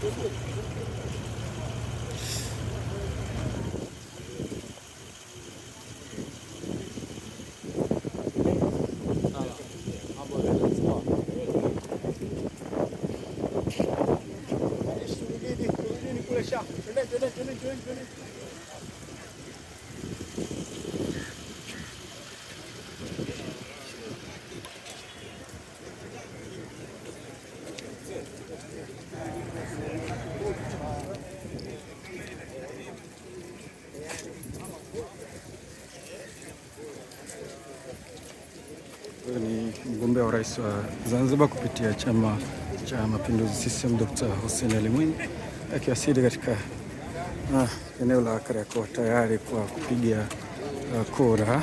Dönün, dönün, dönün, dönün, dönün. mgombea wa rais wa Zanzibar kupitia Chama cha Mapinduzi CCM Dr. Hussein Ali Mwinyi akiwasili katika ah, eneo la Kariakoo tayari kwa kupiga uh, kura.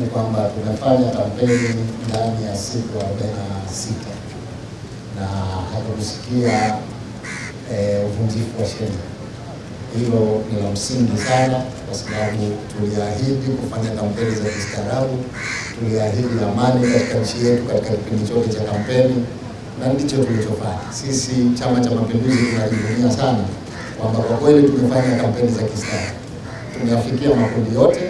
ni kwamba tumefanya kampeni ndani ya siku 46 na sita na hatukusikia eh, uvunjifu wa sheria. Hilo ni la msingi sana, kwa sababu tuliahidi kufanya kampeni za kistaarabu, tuliahidi amani katika nchi yetu katika kipindi chote cha kampeni, na ndicho tulichofanya. Sisi Chama cha Mapinduzi tunajivunia sana kwamba kwa kweli tumefanya kampeni za kistaarabu, tumeafikia makundi yote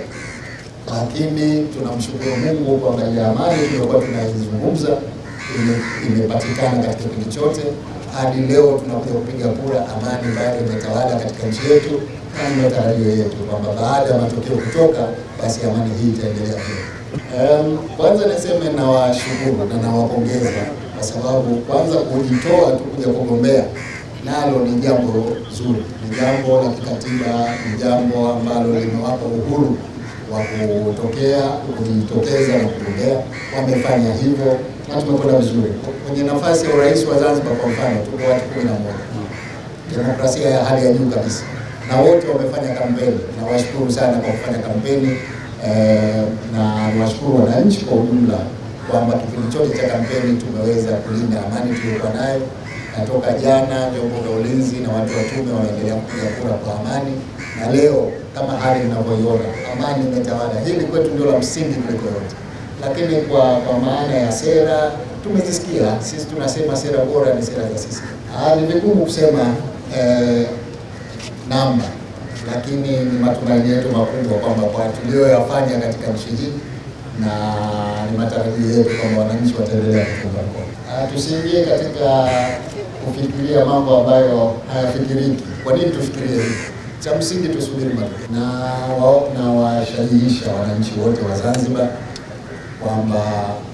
lakini tunamshukuru Mungu kwa hali ya amani tuliyokuwa tunazungumza imepatikana katika kipindi chote hadi leo tunakuja kupiga kura. Amani bado imetawala katika nchi yetu, na matarajio yetu kwamba baada ya matokeo kutoka, basi amani hii itaendelea. Kwanza um, niseme nawashukuru na nawapongeza kwa sababu kwanza kujitoa tu kuja kugombea nalo ni jambo zuri, ni jambo la kikatiba, ni jambo ambalo limewapa uhuru wa kutokea kujitokeza na kuongea, wamefanya hivyo na tumekwenda vizuri. Kwenye nafasi ya urais wa Zanzibar kwa mfano, tuko watu kumi na moja, demokrasia ya hali ya juu kabisa, na wote wamefanya kampeni. Nawashukuru sana kwa kufanya kampeni eh, na niwashukuru wananchi kwa ujumla kwamba kipindi chote cha kampeni tumeweza kulinda amani tuliyokuwa nayo na toka jana vyombo vya ulinzi na watu wa tume wanaendelea kupiga kura kwa amani, na leo kama hali inavyoiona amani imetawala. Hili kwetu ndio la msingi kuliko yote, lakini kwa kwa maana ya sera tumezisikia sisi. Tunasema sera bora ni sera za sisi. Ni vigumu kusema eh, namba, lakini ni matumaini yetu makubwa kwamba kwa tuliyoyafanya katika nchi hii na ni matarajio yetu kwamba wananchi wataendelea kuunga mkono. Ah, tusiingie katika kufikiria mambo ambayo hayafikiriki. Kwa nini tufikirie hivi? Cha msingi tusubiri matokeo, na wao na washajiisha wananchi wote wa Zanzibar kwamba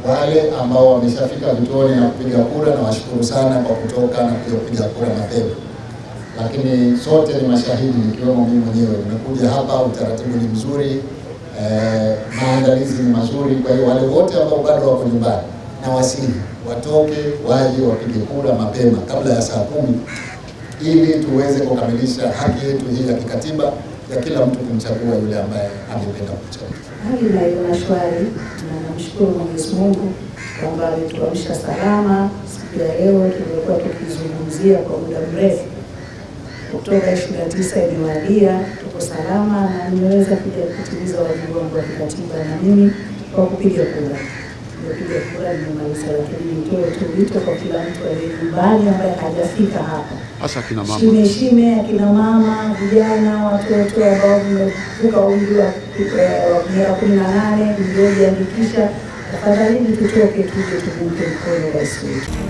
wale ambao wameshafika vituoni na kupiga kura, na washukuru sana kwa kutoka na kuja kupiga kura mapema, lakini sote ni mashahidi, ikiwemo mimi mwenyewe. Nimekuja hapa, utaratibu ni mzuri, eh, maandalizi ni mazuri. Kwa hiyo wale wote ambao bado wako nyumbani na wasili watoke waje wapige kura mapema kabla ya saa kumi ili tuweze kukamilisha haki yetu hii ya kikatiba ya kila mtu kumchagua yule ambaye angependa kuchagua. Hali naiona shwari na namshukuru Mwenyezi Mungu kwamba ametuamsha salama siku ya leo Tumekuwa tukizungumzia kwa muda mrefu. Oktoba 29 imewadia, tuko salama na nimeweza kuja kutimiza wajibu wangu wa kikatiba na mimi kwa kupiga kura kupiga kura nimemaliza, lakini nitoe tu wito kwa kila mtu aliye nyumbani ambaye hajafika hapa, hasa akina mama, shime shime, akina mama, vijana, watoto ambao mmevuka umri eh, wa miaka kumi na nane mliojiandikisha, tafadhalini tutoke tuje tumunge mkono rais wetu.